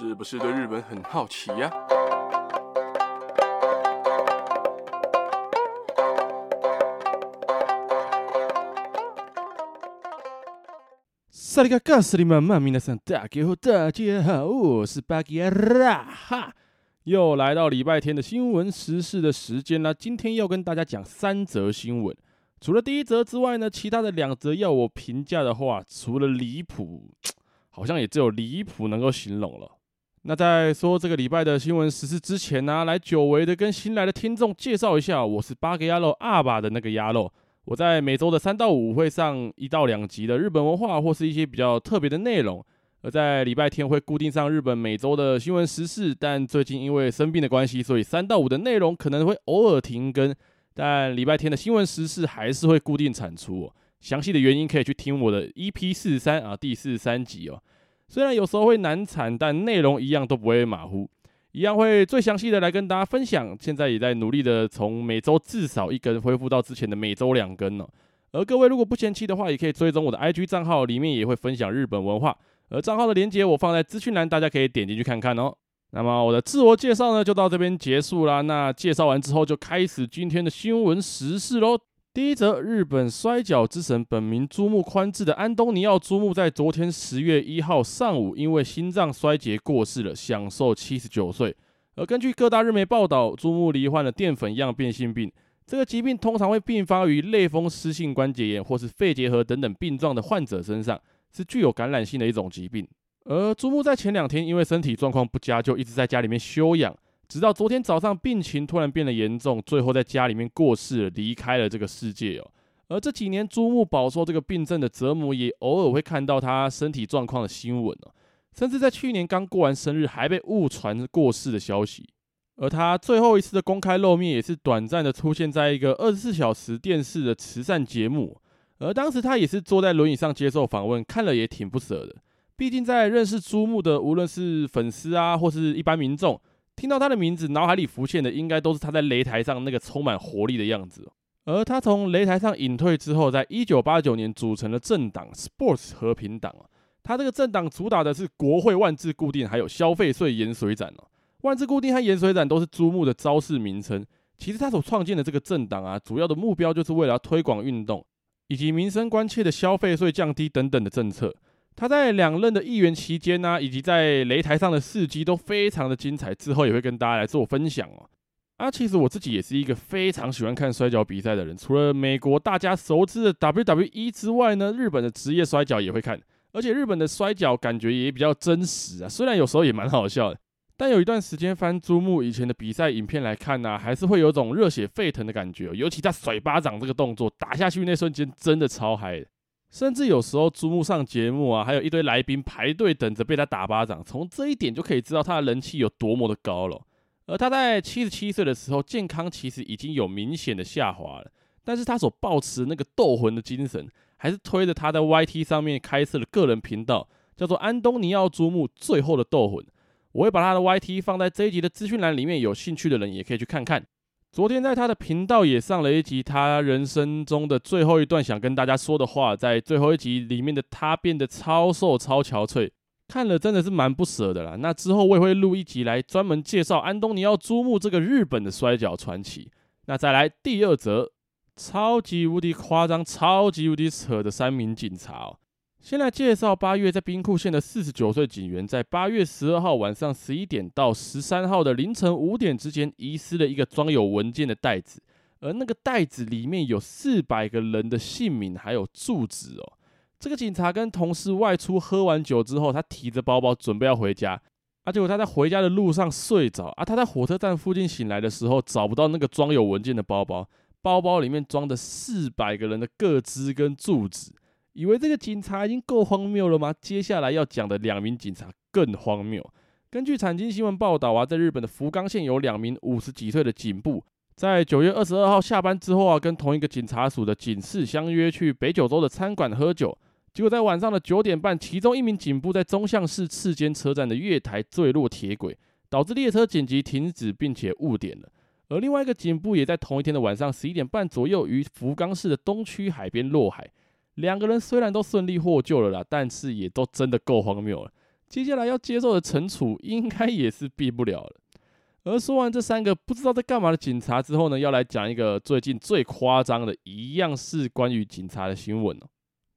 是不是對日本很好奇呀？大家好，我是馬馬，明日上大家好，我是巴吉亞拉哈。又來到禮拜天的新聞時事的時間啦。今天要跟大家講三則新聞，除了第一則之外呢，其他的兩則要我評價的話，除了離譜，好像也只有離譜能夠形容了。那在說這個禮拜的新聞時事之前呢、啊，來久違的跟新來的聽眾介紹一下，我是八個鴨肉阿爸的那個鴨肉。我在每周的三到五會上一到兩集的日本文化或是一些比較特別的內容，而在禮拜天會固定上日本每周的新聞時事。但最近因為生病的關係，所以三到五的內容可能會偶爾停更，但禮拜天的新聞時事還是會固定產出，哦。詳細的原因可以去聽我的 EP 四三啊，第四三集哦。雖然有時候會難產，但內容一樣都不會馬虎，一樣會最詳細的來跟大家分享。現在也在努力的從每周至少一更恢復到之前的每周兩更呢、哦。而各位如果不嫌棄的話，也可以追蹤我的 IG 賬號，裡面也會分享日本文化。而賬號的鏈接我放在資訊欄，大家可以點進去看看哦。那麼我的自我介紹呢，就到這邊結束啦。那介紹完之後，就開始今天的新聞時事嘍。第一則，日本摔角之神本名豬木寬治的安東尼奧豬木，在昨天十月一號上午因為心臟衰竭過世了，享壽七十九歲。而根據各大日媒報道，豬木罹患了澱粉樣變性病，這個疾病通常會併發於類風濕性關節炎或是肺結核等等病狀的患者身上，是具有感染性的一種疾病。而豬木在前兩天因為身體狀況不佳，就一直在家裡面休養。直到昨天早上，病情突然變得嚴重，最後在家裡面過世了，離開了這個世界哦。而這幾年，豬木飽受這個病症的折磨，也偶爾會看到他身體狀況的新聞哦。甚至在去年剛過完生日，還被誤傳過世的消息。而他最後一次的公開露面，也是短暫的出現在一個二十四小時電視的慈善節目。而當時他也是坐在輪椅上接受訪問，看了也挺不捨的。畢竟在認識豬木的，無論是粉絲啊，或是一般民眾，聽到他的名字，腦海裡浮現的應該都是他在擂台上那個充滿活力的樣子、哦。而他從擂台上引退之後，在一九八九年組成了政黨 Sports 和平黨、啊。他這個政黨主打的是國會萬字固定，還有消費稅延髓斬、啊。萬字固定和延髓斬都是豬木的招式名稱。其實他所創建的這個政黨啊，主要的目標就是為了要推廣運動，以及民生關切的消費稅降低等等的政策。他在兩任的議員期間呢、啊，以及在擂台上的事跡都非常的精彩，之後也會跟大家來做分享哦。啊，其實我自己也是一個非常喜歡看摔角比賽的人，除了美國大家熟知的 WWE 之外呢，日本的職業摔角也會看，而且日本的摔角感覺也比較真實啊，雖然有時候也蠻好笑的，但有一段時間翻豬木以前的比賽影片來看呢、啊，還是會有一種熱血沸騰的感覺、哦，尤其他甩巴掌這個動作打下去那瞬間，真的超嗨的。甚至有時候，豬木上節目啊，還有一堆來賓排隊等着被他打巴掌。從這一點就可以知道他的人氣有多麼的高了。而他在七十七歲的時候，健康其實已經有明顯的下滑了。但是，他所抱持那個鬥魂的精神，還是推着他在 YT 上面開設了個人頻道，叫做《安東尼奧豬木最後的鬥魂》。我會把他的 YT 放在這一集的資訊欄裡面，有興趣的人也可以去看看。昨天在他的頻道也上了一集，他人生中的最後一段想跟大家說的話。在最後一集裡面的他變得超瘦、超憔悴，看了真的是蠻不捨的啦。那之後我也會錄一集來專門介紹安東尼奧·豬木這個日本的摔角傳奇。那再來第二則，超級無敵誇張、超級無敵扯的三名警察哦。先來介紹，八月在兵庫縣的四十九歲警員，在八月十二號晚上十一點到十三號的凌晨五點之間，遺失了一個裝有文件的袋子，而那個袋子裡面有四百個人的姓名還有住址哦。這個警察跟同事外出喝完酒之後，他提着包包準備要回家，啊，結果他在回家的路上睡着，啊，他在火車站附近醒來的時候，找不到那個裝有文件的包包，包，包包裡面裝的四百個人的個資跟住址。以為這個警察已經夠荒謬了嗎？接下來要講的兩名警察更荒謬。根據產經新聞報道啊，在日本的福岡縣有兩名五十幾歲的警部，在九月二十二號下班之後啊，跟同一個警察署的警士相約去北九州的餐館喝酒。結果在晚上的九點半，其中一名警部在宗像市赤間車站的月台墜落鐵軌，導致列車緊急停止並且誤點了。而另外一個警部也在同一天的晚上十一點半左右，於福岡市的東區海邊落海。兩個人雖然都順利獲救了啦，但是也都真的夠荒謬了。接下來要接受的懲處應該也是避不了了。而說完這三個不知道在幹嘛的警察之後呢，要來講一個最近最誇張的，一樣是關於警察的新聞喔。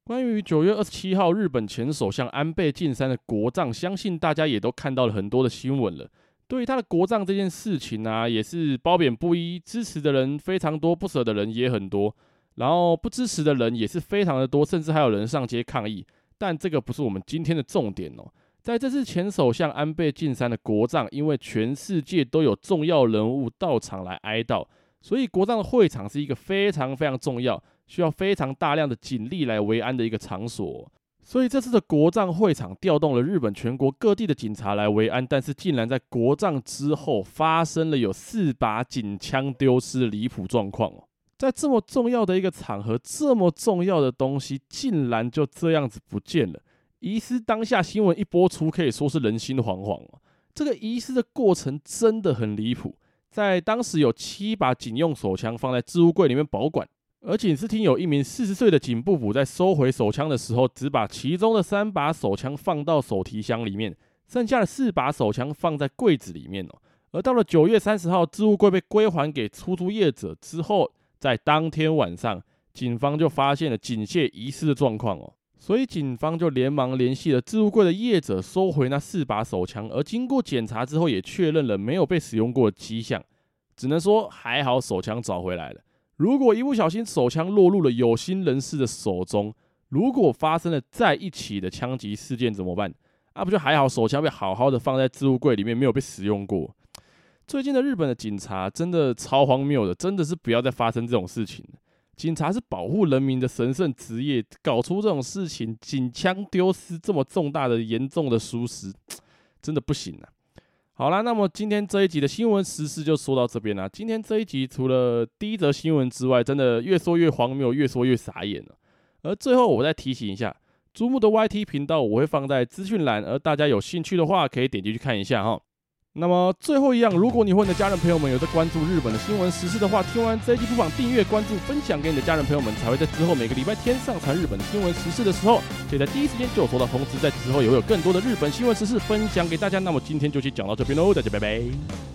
關於九月二十七號日本前首相安倍晉三的國葬，相信大家也都看到了很多的新聞了。對於他的國葬這件事情呢啊，也是褒貶不一，支持的人非常多，不舍的人也很多。然後不支持的人也是非常的多，甚至還有人上街抗議。但這個不是我們今天的重點哦。在這次前首相安倍晉三的國葬，因為全世界都有重要人物到場來哀悼，所以國葬的會場是一個非常非常重要，需要非常大量的警力來維安的一個場所哦。所以這次的國葬會場調動了日本全國各地的警察來維安，但是竟然在國葬之後發生了有四把警槍丟失的離譜狀況哦。在這麼重要的一個場合，這麼重要的東西竟然就這樣子不見了！遺失當下新聞一播出，可以說是人心惶惶喔。這個遺失的過程真的很離譜。在當時有七把警用手槍放在置物櫃裡面保管，而警視廳有一名四十歲的警部補在收回手槍的時候，只把其中的三把手槍放到手提箱裡面，剩下的四把手槍放在櫃子裡面喔。而到了九月三十號，置物櫃被歸還給出租業者之後，在當天晚上，警方就發現了警械遺失的狀況哦，所以警方就連忙聯繫了置物櫃的業者，收回那四把手槍。而經過檢查之後，也確認了沒有被使用過的跡象。只能說還好，手槍找回來了。如果一不小心手槍落入了有心人士的手中，如果發生了在一起的槍擊事件怎麼辦？啊，不就還好，手槍被好好的放在置物櫃裡面，沒有被使用過。最近的日本的警察真的超荒謬的，真的是不要再發生這種事情了。警察是保護人民的神聖職業，搞出這種事情，警槍丟失這麼重大的嚴重的疏失，真的不行啊。好啦，那麼今天這一集的新聞時事就說到這邊了。今天這一集除了第一則新聞之外，真的越說越荒謬，越說越傻眼了啊。而最後我再提醒一下，豬木的 YT 頻道我會放在資訊欄，而大家有興趣的話可以點進去看一下哈。那麼最後一樣，如果你和你的家人朋友們有在關注日本的新聞時事的話，聽完這一集不妨訂閱、關注、分享給你的家人朋友們，才會在之後每個禮拜天上傳日本新聞時事的時候，可以在第一時間就有收到通知，在之後也會有更多的日本新聞時事分享給大家。那麼今天就先講到這邊嘍，大家拜拜。